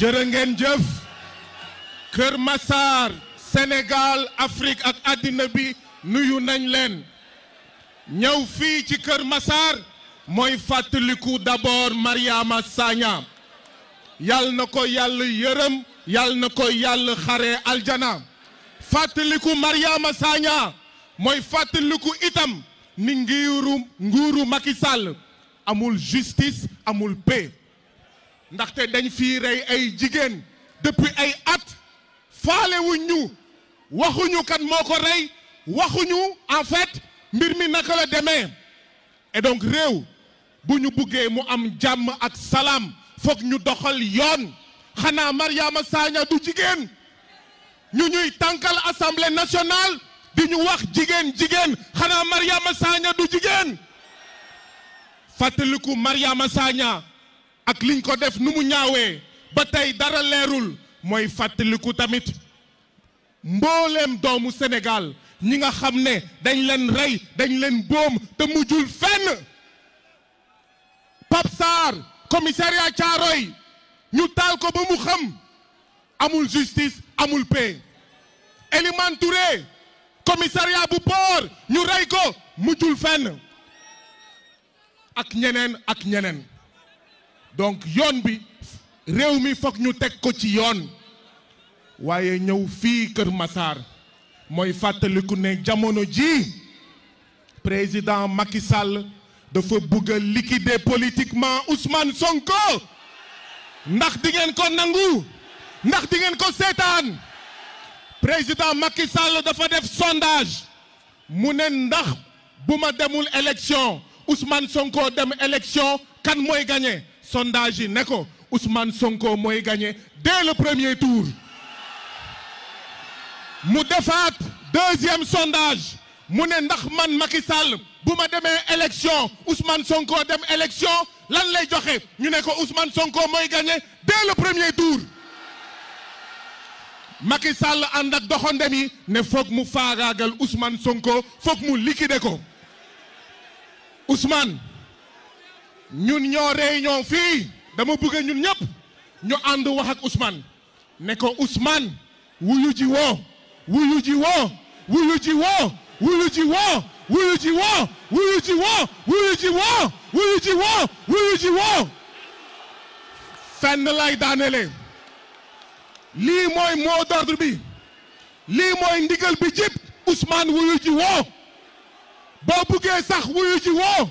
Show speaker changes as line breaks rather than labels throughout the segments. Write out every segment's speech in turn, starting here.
jërë ngeen jëf Kër Massar senegal Afrique ak àddina bi nuyu nañ leen ñëw fii ci Kër Massar mooy fàttaliku d'abord Mariama Sagna yàlla na ko yàlla yërëm yàlla na ko yàlla xare aljana fàttaliku Mariama Sagna mooy fàttaliku itam ni ngiiru nguuru Macky amul justice amul paix ndaxte dañ fi rey ay jigéen depuis ay at faalewuñ ñu waxuñu kan moo ko rey waxuñu en fait mbir mi naka la demee et donc réew bu ñu buggee mu am jàmm ak salaam foog ñu doxal yoon xanaa Mariama Sagna du jigéen ñu ñuy tànkal assamble nationale di ñu wax jigéen jigéen xanaa Mariama Sagna du jigéen fàttaliku Mariama Sagna ak liñ ko def nu mu ñaawee ba tey dara leerul mooy fàttaliku tamit mbooleem doomu senegaal ñi nga xam ne dañ leen rey dañ leen boom te mujjul fenn Pape Sarr commissariat Thiaroye ñu taal ko ba mu xam amul justice amul paix Elimane Touré bu port ñu rey ko mujjul fenn ak ñeneen ak ñeneen donc yoon bi réew mi foog ñu teg ko ci yoon waaye ñëw fii Kër Massar mooy fàttaliku ne jamono ji président Macky Sall dafa bëgg a liquider politiquement Ousmane Sonko ndax di ko nangu ndax di ngeen ko seetaan président Macky Sall dafa def sondage mu ne ndax bu ma demul élection Ousmane Sonko dem élection kan mooy gagné. sondage yi ne ko Ousmane Sonko mooy gagné dès le premier tour mu defaat deuxième sondage mu ne ndax man Macky Sall bu ma demee élection usman Sonko dem élection lan lay joxe ñu ne ko Ousmane Sonko mooy gagné dès le premier tour Macky Sall ànd ak doxandem yi ne foog mu faagaagal Ousmane Sonko foog mu liquider ko Ousmane. ñun ñoo réunion fii dama bëgg ñun ñëpp ñu ànd wax ak Ousmane ne ko usmaan wuyu ci woo wuyu ci woo wuyu ji woo wuyu ji woo wuyu ji woo wuyu ji woo fenn lay daanele lii mooy mot d'ordre bi lii mooy ndigal bi jib Ousmane wuyu ji woo boo buggee sax wuyu ji woo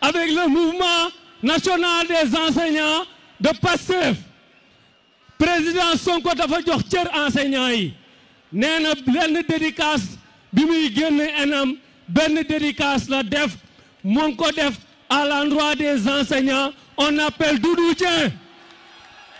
avec le mouvement national des enseignants de PASTEF président son Sonko dafa jox cër enseignants yi nee na benn dédicace bi muy génn enam benn dédicace la def mu ngi ko def à l'endroit des enseignants on appelle Doudou Dieng